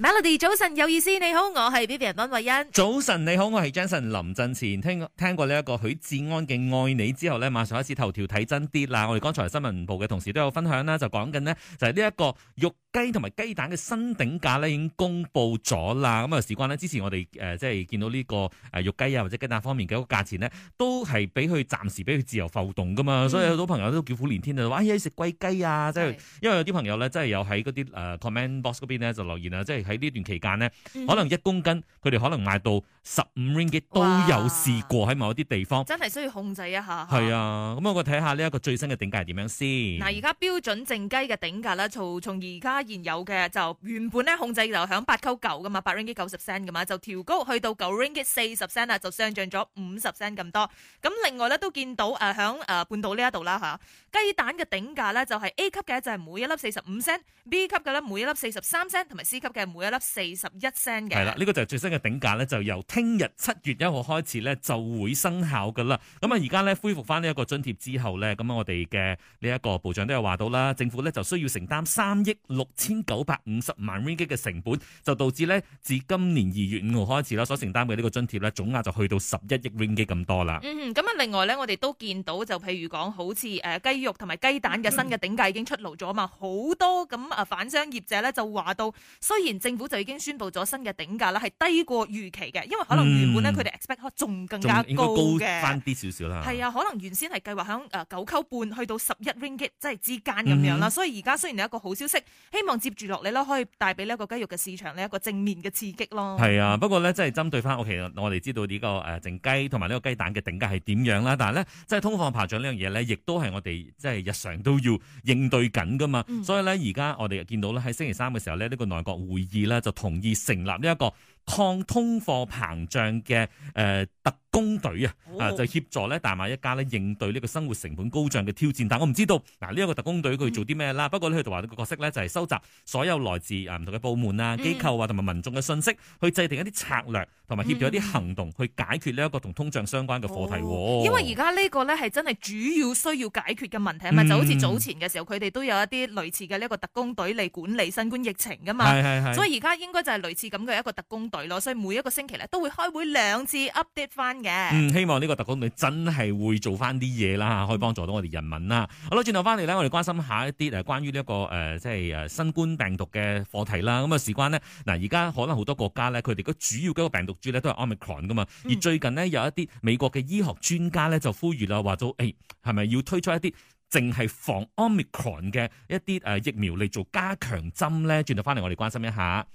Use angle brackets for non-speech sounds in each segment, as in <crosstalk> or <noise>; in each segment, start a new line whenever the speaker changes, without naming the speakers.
Melody，早晨有意思，你好，我係 B B 人溫慧欣。
早晨你好，我係 Jensen 林振前。聽聽過呢一個許志安嘅愛你之後呢，馬上開始頭條睇真啲啦。我哋剛才新聞部嘅同事都有分享啦，就講緊呢就係呢一個肉雞同埋雞蛋嘅新頂價呢已經公布咗啦。咁啊事關呢，之前我哋誒、呃、即係見到呢個誒肉雞啊或者雞蛋方面嘅一個價錢呢，都係俾佢暫時俾佢自由浮動噶嘛、嗯。所以好多朋友都叫苦連天啊，話哎食貴雞啊，即係因為有啲朋友咧真係有喺嗰啲誒 comment box 嗰邊呢就留言啊，即係。喺呢段期間咧，可能一公斤佢哋可能賣到十五 ringgit 都有試過喺某一啲地方。真
係需要控制一下。係
啊，咁我睇下呢一個最新嘅頂價係點樣先。嗱，而
家標準正雞嘅頂價咧，從從而家現有嘅就原本咧控制就響八溝九噶嘛，八 ringgit 九十 cent 噶嘛，就調高去到九 ringgit 四十 cent 啊，就上漲咗五十 cent 咁多。咁另外咧都見到誒響誒半島呢一度啦嚇，雞蛋嘅頂價咧就係 A 級嘅就係每一粒四十五 cent，B 級嘅咧每一粒四十三 cent，同埋 C 級嘅每。每一粒四十一 cent 嘅係啦，呢、呢
個就係最新嘅頂價咧，就由聽日七月一號開始咧就會生效噶啦。咁啊，而家咧恢復翻呢一個津貼之後咧，咁啊，我哋嘅呢一個部長都有話到啦，政府咧就需要承擔三億六千九百五十萬 ringgit 嘅成本，就導致咧自今年二月五號開始啦，所承擔嘅呢個津貼咧總額就去到十一億 ringgit 咁多啦。嗯，
咁啊，另外咧，我哋都見到就譬如講，好似誒雞肉同埋雞蛋嘅新嘅頂價已經出爐咗啊嘛，好、嗯、多咁啊反商業者咧就話到，雖然政府就已經宣布咗新嘅頂價啦，係低過預期嘅，因為可能原本咧佢哋 expect 仲更加高嘅，翻
啲少少啦。係啊，
可能原先係計劃響誒九溝半去到十一 Ringgit 即係之間咁樣啦、嗯。所以而家雖然有一個好消息，希望接住落嚟啦，可以帶俾呢一個雞肉嘅市場呢一個正面嘅刺激咯。係
啊，不過咧即係針對翻，我其實我哋知道呢個誒淨雞同埋呢個雞蛋嘅頂價係點樣啦。但係咧，即係通貨膨脹呢樣嘢咧，亦都係我哋即係日常都要應對緊噶嘛、嗯。所以咧，而家我哋見到咧喺星期三嘅時候咧，呢、嗯這個內閣會議。咧就同意成立呢一個抗通貨膨脹嘅誒特。工隊啊，啊就協助咧大馬一家咧應對呢個生活成本高漲嘅挑戰。但我唔知道嗱呢一個特工隊佢做啲咩啦。不過咧佢就話個角色咧就係收集所有來自啊唔同嘅部門啊機構啊同埋民眾嘅信息，去制定一啲策略，同埋協助一啲行動去解決呢一個同通脹相關嘅課題。因為而
家呢個咧係真係主要需要解決嘅問題，吖嘛就好似早前嘅時候佢哋都有一啲類似嘅呢一個特工隊嚟管理新冠疫情噶嘛。所以而家應該就係類似咁嘅一個特工隊咯。所以每一個星期咧都會開會兩次 update 翻。Yeah.
嗯，希望呢個特工隊真係會做翻啲嘢啦，可以幫助到我哋人民啦、嗯。好啦，轉頭翻嚟咧，我哋關心下一啲誒，關於呢、這、一個誒、呃，即係誒新冠病毒嘅課題啦。咁啊，事關呢，嗱而家可能好多國家咧，佢哋主要嘅病毒株咧都係 Omicron 噶嘛、嗯。而最近呢，有一啲美國嘅醫學專家咧就呼籲啦，話咗誒，係咪要推出一啲淨係防 Omicron 嘅一啲誒疫苗嚟做加強針咧？轉頭翻嚟，我哋關心一下。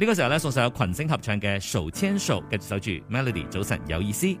呢、這個時候呢，送上有群星合唱嘅《手牽手》，繼續守住 Melody。早晨，有意思。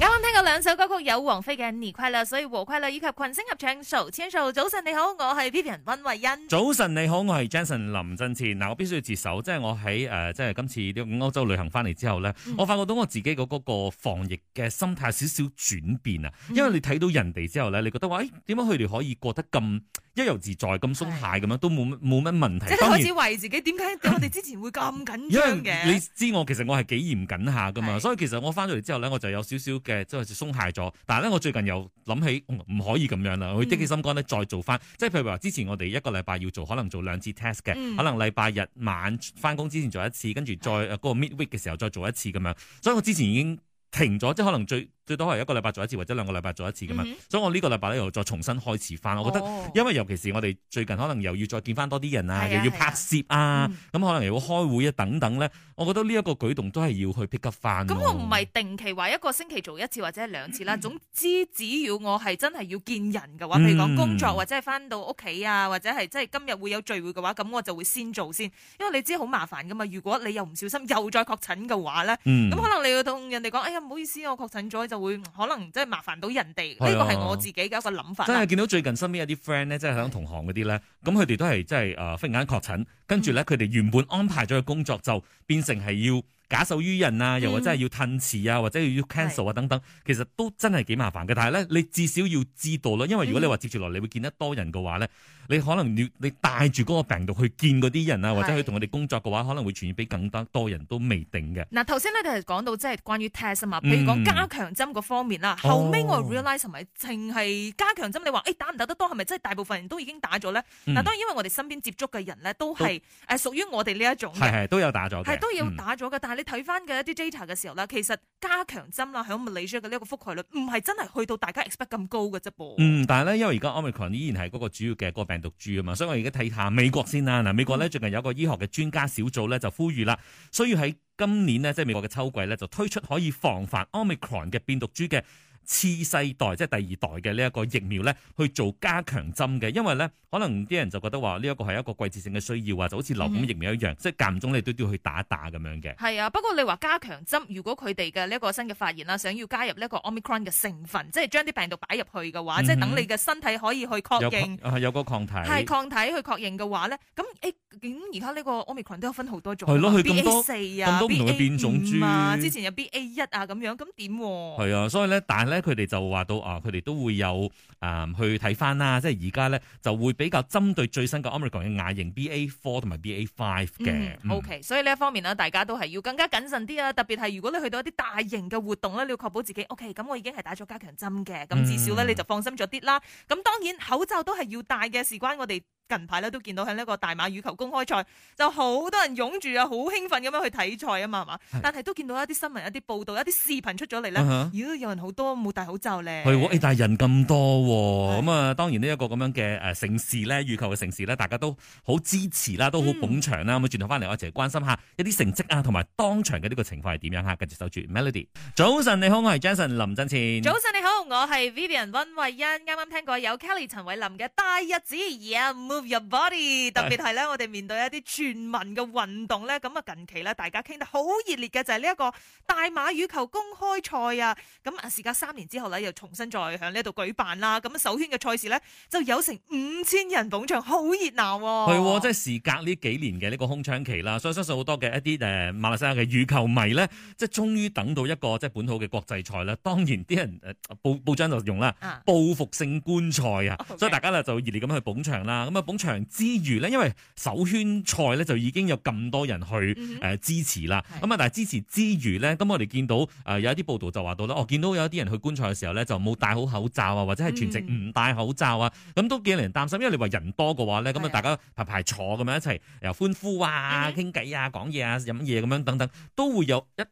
啱啱聽過兩首歌曲，有王菲嘅《新年快樂》，所以《和快樂》，以及群星合唱《數千數》。早晨你好，我係 Vivian 溫慧欣。
早晨你好，我係 Jason 林振前。嗱、啊，我必須要自首，即係我喺誒、呃，即係今次啲歐洲旅行翻嚟之後咧、嗯，我發覺到我自己嗰嗰個防疫嘅心態少少轉變啊。因為你睇到人哋之後咧，你覺得喂，誒、哎，點解佢哋可以過得咁悠游自在、咁鬆懈咁樣，都冇冇乜問題。即係開始
懷疑自己，點解我哋之前會咁緊張嘅？你
知我其實我係幾嚴謹下噶嘛，所以其實我翻咗嚟之後咧，我就有少少。嘅即係就鬆懈咗，但係咧，我最近又諗起唔、嗯、可以咁樣啦，我要啲起心肝咧再做翻，嗯，即係譬如話之前我哋一個禮拜要做，可能做兩次 test 嘅、嗯，可能禮拜日晚翻工之前做一次，跟住再嗰，嗯呃嗰個 midweek 嘅時候再做一次咁樣，所以我之前已經停咗，即係可能最。最多係一個禮拜做一次或者兩個禮拜做一次咁樣、嗯，所以我呢個禮拜咧又再重新開始翻、哦。我覺得，因為尤其是我哋最近可能又要再見翻多啲人啊，又要拍攝啊，咁、啊啊嗯、可能又要開會啊等等咧，我覺得呢一個舉動都係要去 pick up 翻、嗯。咁、啊、我
唔係定期話一個星期做一次或者兩次啦、嗯，總之只要我係真係要見人嘅話，譬如講工作或者係翻到屋企啊，或者係即係今日會有聚會嘅話，咁我就會先做先，因為你知好麻煩噶嘛。如果你又唔小心又再確診嘅話咧，咁、嗯、可能你要同人哋講，哎呀唔好意思，我確診咗。就會可能即係麻煩到人哋，呢個係我自己嘅一個諗法。真係見
到最近身邊一啲 friend 咧，即係響同行嗰啲咧，咁佢哋都係即係誒忽然間確診，跟住咧佢哋原本安排咗嘅工作就變成係要。假手於人啊，又或者係要褪遲啊，或者要 cancel 啊等等、嗯，其實都真係幾麻煩嘅。但係咧，你至少要知道咯，因為如果你話接住落嚟，你會見得多人嘅話咧、嗯，你可能要你帶住嗰個病毒去見嗰啲人啊，或者去同佢哋工作嘅話，可能會傳染俾更多多人都未定嘅。
嗱，頭先咧你係講到即係關於 test 啊嘛，譬如講加強針嗰方面啦、嗯，後尾我 realise 係咪淨係加強針？哦、你話打唔打得多，係咪即係大部分人都已經打咗咧？嗱、嗯，當然因為我哋身邊接觸嘅人咧都係誒屬於我哋呢一種嘅，係
都有打咗都要打
咗嘅，但、嗯、係睇翻嘅一啲 data 嘅時候咧，其實加強針啦，響物理上嘅呢一個覆蓋率，唔係真係去到大家 expect 咁高嘅啫噃。
嗯，但係咧，因為而家 omicron 依然係嗰個主要嘅嗰個病毒株啊嘛，所以我而家睇下美國先啦。嗱，美國咧最近有個醫學嘅專家小組咧就呼籲啦，需要喺今年呢，即係美國嘅秋季咧就推出可以防範 omicron 嘅變毒株嘅。次世代即係第二代嘅呢一個疫苗咧，去做加強針嘅，因為咧可能啲人就覺得話呢一個係一個季節性嘅需要啊，就好似流感疫苗一樣，嗯、即係間唔中你都都要去打一打咁樣嘅。
係啊，不過你話加強針，如果佢哋嘅呢一個新嘅發現啦，想要加入呢一個 Omicron 嘅成分，即係將啲病毒擺入去嘅話，嗯、即係等你嘅身體可以去確認
啊，有，有個抗體，係抗
體去確認嘅話咧，咁誒。欸咁而家呢個 Omicron 都有分好多種，係咯，佢咁啊，咁多唔同嘅變
種豬、啊啊，之前
有 B A 一啊咁樣，咁點、啊？係
啊，所以咧，但係咧，佢哋就話到啊，佢哋都會有啊、嗯，去睇翻啦，即係而家咧就會比較針對最新嘅 Omicron 嘅亞型 B A four 同埋 B A five 嘅。嗯嗯、o、okay,
K，所以呢一方面咧，大家都係要更加謹慎啲啊！特別係如果你去到一啲大型嘅活動咧，你要確保自己 O K，咁我已經係打咗加強針嘅，咁至少咧你就放心咗啲啦。咁、嗯、當然口罩都係要戴嘅，事關我哋。近排咧都見到喺呢一個大馬羽球公開賽，就好多人湧住啊，好興奮咁樣去睇賽啊嘛，係嘛？但係都見到一啲新聞、一啲報道、一啲視頻出咗嚟咧，有人很多好多冇戴口罩咧。係喎、欸，
但係人咁多喎、哦，咁啊當然呢一個咁樣嘅誒城市咧，羽球嘅城市咧，大家都好支持啦，都好捧場啦。咁啊轉頭翻嚟，我哋一齊關心一下一啲成績啊，同埋當場嘅呢個情況係點樣嚇？跟住守住 Melody，早晨你好，我係 Jason 林振前。早
晨你好，我係 Vivian 温慧欣。啱啱聽過有 Kelly 陳慧琳嘅大日子 yeah, Everybody 特別係咧，我哋面對一啲全民嘅運動咧，咁啊近期咧，大家傾得好熱烈嘅就係呢一個大馬羽球公開賽啊。咁啊，時隔三年之後咧，又重新再喺呢度舉辦啦。咁首圈嘅賽事呢，就有成五千人捧場，好熱鬧、哦。係、哦，
即係時隔呢幾年嘅呢個空窗期啦，所以相信好多嘅一啲誒馬來西亞嘅羽球迷呢，即係終於等到一個即係本土嘅國際賽啦。當然啲人誒報報章就用啦，報復性觀賽啊，所以大家呢就熱烈咁去捧場啦。咁啊～捧場之餘咧，因為首圈賽咧就已經有咁多人去誒、呃、支持啦。咁啊，但係支持之餘咧，咁我哋見到誒、呃、有一啲報道就話到啦，我、哦、見到有一啲人去觀賽嘅時候咧，就冇戴好口罩啊，或者係全程唔戴口罩、嗯、啊，咁都幾令人擔心。因為你話人多嘅話咧，咁啊大家排排坐咁樣一齊又歡呼啊、傾偈啊、講嘢啊、飲嘢咁樣等等，都會有一。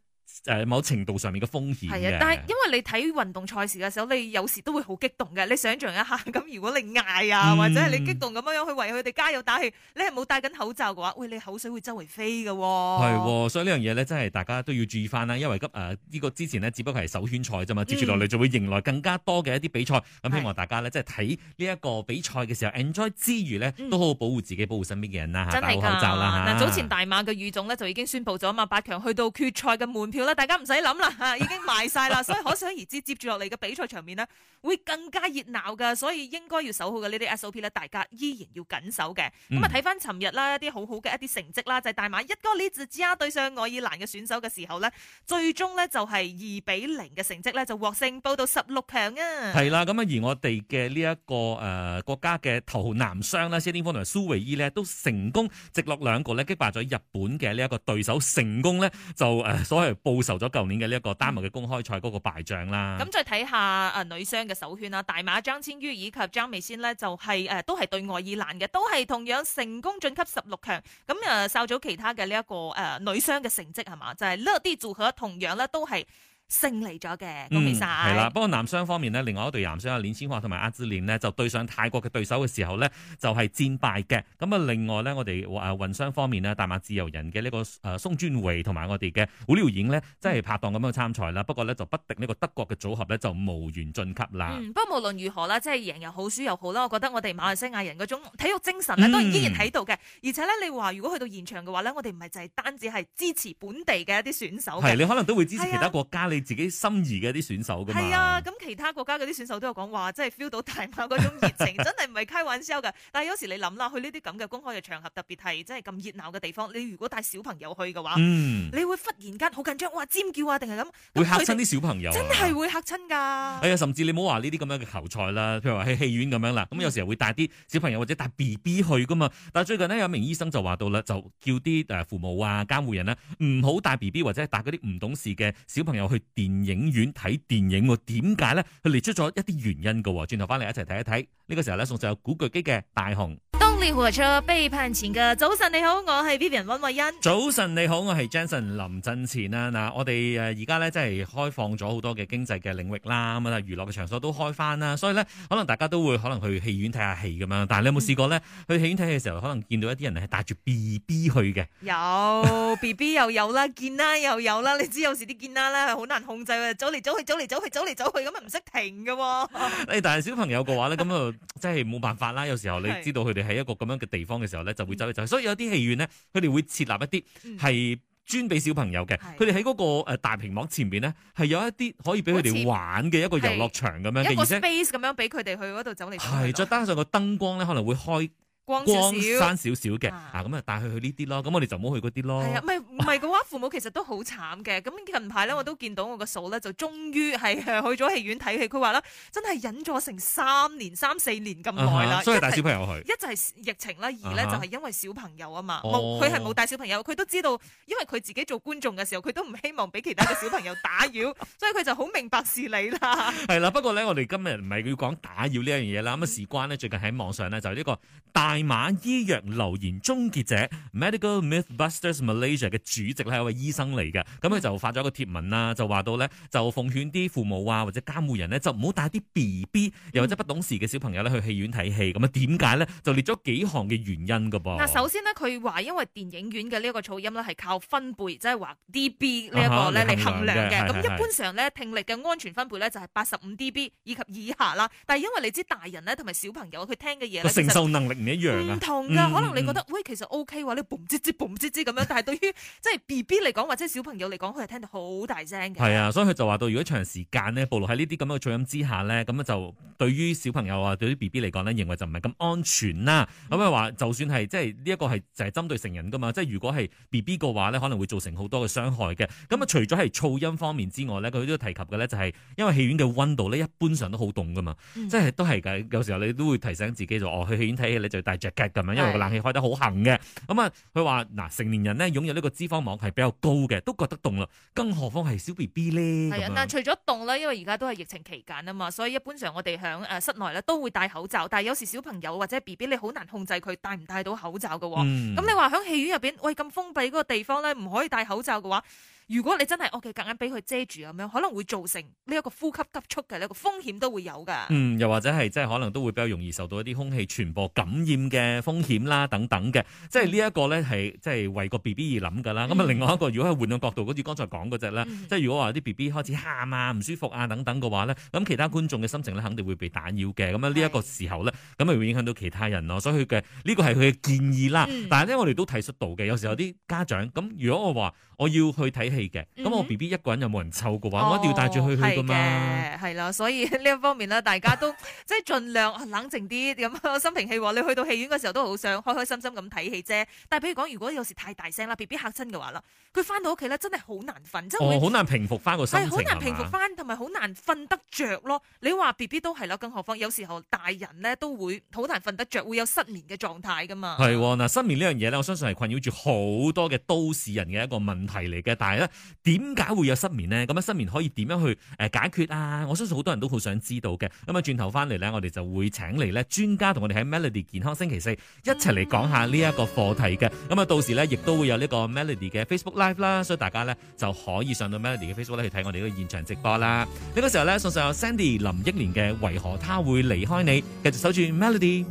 誒、呃，某程度上面嘅風險係啊，但係
因為你睇運動賽事嘅時候，你有時都會好激動嘅。你想象一下，咁如果你嗌啊、嗯，或者係你激動咁樣樣去為佢哋加油打氣，你係冇戴緊口罩嘅話，喂，你口水會周圍飛嘅、哦。係，
所以呢樣嘢咧，真係大家都要注意翻啦。因為今誒呢個之前呢，只不過係首圈賽啫嘛，接住落嚟就會迎來更加多嘅一啲比賽。咁、嗯、希望大家咧，即係睇呢一個比賽嘅時候，enjoy 之餘呢，嗯、都好好保護自己，保護身邊嘅人啦。真係噶，戴好口罩啦，嗱，早前
大馬嘅羽總咧就已經宣布咗啊嘛，八強去到決賽嘅門票，啦，大家唔使諗啦，吓已經賣晒啦，所以可想而知，接住落嚟嘅比賽場面咧，會更加熱鬧噶，所以應該要守好嘅呢啲 SOP 咧，大家依然要緊守嘅。咁啊，睇翻尋日啦，一啲好好嘅一啲成績啦，就係大馬一哥李梓嘉對上愛爾蘭嘅選手嘅時候咧，最終咧就係二比零嘅成績咧，就獲勝報到十六強啊。係
啦，咁啊，而我哋嘅呢一個誒國家嘅頭號男雙咧，謝定峰同埋蘇偉譯咧，都成功直落兩個咧擊敗咗日本嘅呢一個對手，成功咧就誒所謂。報仇咗舊年嘅呢一個丹麥嘅公開賽嗰個敗仗啦、嗯。咁
再睇下女雙嘅首圈啦、啊，大馬張千於以及張美仙呢，就係、是呃、都係對外以難嘅，都係同樣成功晉級十六強。咁誒受咗其他嘅呢一個、呃、女雙嘅成績係嘛，就係呢啲組合同樣咧都係，勝利咗嘅，咁咪恭喜晒啦。不
過男雙方面呢，另外一對男雙阿鍾千華同埋阿芝廉呢，就對上泰國嘅對手嘅時候呢，就係、是、戰敗嘅。咁啊，另外呢，我哋誒運雙方面呢，大馬自由人嘅呢個誒松專維同埋我哋嘅胡料影呢，真係拍檔咁樣去參賽啦。不過呢，就不敵呢個德國嘅組合呢，就無緣晉級啦、嗯。
不過無論如何啦，即係贏又好，輸又好啦，我覺得我哋馬來西亞人嗰種體育精神呢，當然依然喺度嘅。而且呢，你話如果去到現場嘅話呢，我哋唔係就係單止係支持本地嘅一啲選手，係你可能都會支持其他國
家自己心儀嘅啲選手㗎嘛，係啊，
咁其他國家嗰啲選手都有講話，真係 feel 到大馬嗰種熱情， <laughs> 真係唔係開玩笑㗎。但係有時你諗啦，去呢啲咁嘅公開嘅場合，特別係即係咁熱鬧嘅地方，你如果帶小朋友去嘅話，嗯，你會忽然間好緊張，話，尖叫啊，定係咁，會嚇
親啲小朋友，真
係會嚇親㗎。哎、
啊、呀，甚至你唔好話呢啲咁樣嘅球賽啦，譬如話去戲院咁樣啦，咁有時候會帶啲小朋友或者帶 BB 去㗎嘛。但係最近呢，有名醫生就話到啦，就叫啲父母啊、監護人啦、啊，唔好帶 BB 或者係帶嗰啲唔懂事嘅小朋友去。電影院睇電影，點解咧？佢列出咗一啲原因嘅。轉頭翻嚟一齊睇一睇，呢個時候咧，仲就有古巨基嘅大雄。
列車被判前嘅早晨，你好，我係 Vivian 温慧欣。
早晨，你好，我係 Jansen 林振前啦。嗱，我哋誒而家咧即係開放咗好多嘅經濟嘅領域啦，咁啊娛樂嘅場所都開翻啦，所以咧可能大家都會可能去戲院睇下戲咁樣。但係你有冇試過咧、嗯、去戲院睇戲嘅時候，可能見到一啲人係帶住 BB 去嘅？
有 BB <laughs> 又有啦，見啦又有啦。你知有時啲見啦咧係好難控制，走嚟走去，走嚟走去，走嚟走去咁啊唔識停嘅、哦。
誒， <laughs> 但係小朋友嘅話咧，咁啊即係冇辦法啦。有時候你知道佢哋係一個。咁樣嘅地方嘅時候咧，就會走嚟走去，所以有啲戲院咧，佢哋會設立一啲係專俾小朋友嘅，佢哋喺嗰個誒大屏幕前邊咧，係有一啲可以俾佢哋玩嘅一個遊樂場咁樣嘅，而且一
space 咁樣俾佢哋去嗰度走嚟走去。係
再加上個燈光咧，可能會開。
光，小小光山少
少嘅咁啊帶佢、啊、去呢啲咯，咁我哋就唔好去嗰啲咯。係啊，唔
係唔係嘅話，父母其實都好慘嘅。咁近排咧，我都見到我個嫂咧，就終於係去咗戲院睇戲。佢話咧，真係忍咗成三年三四年咁耐啦。所以帶小朋友去。一就係、啊、疫情啦，二咧就係因為小朋友啊嘛，佢係冇帶小朋友，佢都知道，因為佢自己做觀眾嘅時候，佢都唔希望俾其他嘅小朋友打擾， <laughs> 所以佢就好明白事理啦。
係啦、啊，不過咧，我哋今日唔係要講打擾呢樣嘢啦。咁啊，事關呢，最近喺網上呢，就係呢個帶馬醫藥流言終結者 Medical Mythbusters Malaysia 嘅主席係一位醫生嚟嘅，咁佢就發咗個貼文啦，就話到呢：「就奉勸啲父母啊或者監護人呢，就唔好帶啲 B B 又或者不懂事嘅小朋友呢去戲院睇戲。咁啊，點解呢？就列咗幾項嘅原因噶噃。嗱，
首先呢，佢話因為電影院嘅呢個噪音呢係靠分貝，即係話 D B 呢一個嚟衡量嘅。咁、啊、一般上咧，聽力嘅安全分貝呢就係八十五 D B 以及以下啦。但係因為你知大人呢同埋小朋友佢聽嘅嘢，承受能
力唔一樣。唔同噶，嗯，可能你覺得，
嗯、喂，其實 O K 喎，你嘣吱吱嘣吱吱咁樣，但係對於即係 B B 嚟講或者是小朋友嚟講，佢係聽到好大聲
嘅。係啊，所以佢就話到，如果長時間呢，暴露喺呢啲咁樣嘅噪音之下呢，咁就對於小朋友啊，對於 B B 嚟講咧，認為就唔係咁安全啦。咁啊，話，就算係即係呢一個係就係針對成人噶嘛，即、就、係、是，如果係 B B 嘅話呢，可能會造成好多嘅傷害嘅。咁啊除咗係噪音方面之外呢，佢都提及嘅呢，就是，就係因為戲院嘅溫度呢，一般上都好凍噶嘛，即、嗯、係、就是，都係嘅。有時候你都會提醒自己就哦，去戲院睇戲你就帶。咁樣，因為個冷氣開得好恒嘅。咁啊，佢話嗱，成年人咧，擁有呢個脂肪網係比較高嘅，都覺得凍啦。更何況係小 B B 咧。係啊，但係除
咗凍啦，因為而家都係疫情期間啊嘛，所以一般上我哋響誒室內咧都會戴口罩。但係有時小朋友或者 B B 你好難控制佢戴唔戴到口罩嘅。嗯。咁你話響戲院入邊，喂咁封閉嗰個地方咧，唔可以戴口罩嘅話，如果你真係屋企夾硬俾佢遮住咁樣，可能會造成呢一個呼吸急促嘅呢個風險都會有㗎。
嗯，又或者係即係可能都會比較容易受到一啲空氣傳播感染嘅風險啦，等等嘅、嗯。即係呢係即係一個咧係即係為個 B B 而諗㗎啦。咁、嗯、啊，另外一個如果係換個角度，好似剛才講嗰隻啦，嗯、即係如果話啲 B B 開始喊啊、唔舒服啊等等嘅話咧，咁其他觀眾嘅心情咧肯定會被打擾嘅。咁、嗯、啊，呢一個時候咧，咁咪會影響到其他人咯。所以嘅、這、呢個係佢嘅建議啦。嗯、但係咧，我哋都體恤到嘅，有時候啲家長咁，如果我話我要去睇戲。咁、嗯、我 B B 一個人有冇人湊嘅話、哦，我一定要帶住去去噶嘛，
係咯，所以呢一方面咧，大家都 <laughs> 即係盡量冷靜啲，咁心平氣和。你去到戲院嗰時候都好想開開心心咁睇戲啫。但係譬如講，如果有時太大聲啦，B B 嚇親嘅話啦，佢翻到屋企咧，真係好難瞓，真、哦、好難
平復翻個心情，係好難平復翻，
同埋好難瞓得着咯。你話 B B 都係咯，更何況有時候大人咧都會好難瞓得着，會有失眠嘅狀態噶嘛。係
嗱，失眠呢樣嘢咧，我相信係困擾住好多嘅都市人嘅一個問題嚟嘅，但係咧。點解會有失眠呢？咁啊，失眠可以點樣去誒解決啊？我相信好多人都好想知道嘅。咁啊，轉頭翻嚟呢，我哋就會請嚟呢專家同我哋喺 Melody 健康星期四一齊嚟講下呢一個課題嘅。咁啊，到時呢，亦都會有呢個 Melody 嘅 Facebook Live 啦，所以大家呢，就可以上到 Melody 嘅 Facebook 去睇我哋呢個現場直播啦。呢、呢個時候呢，送上由 Sandy 林憶蓮嘅《為何他會離開你》，繼續守住 Melody。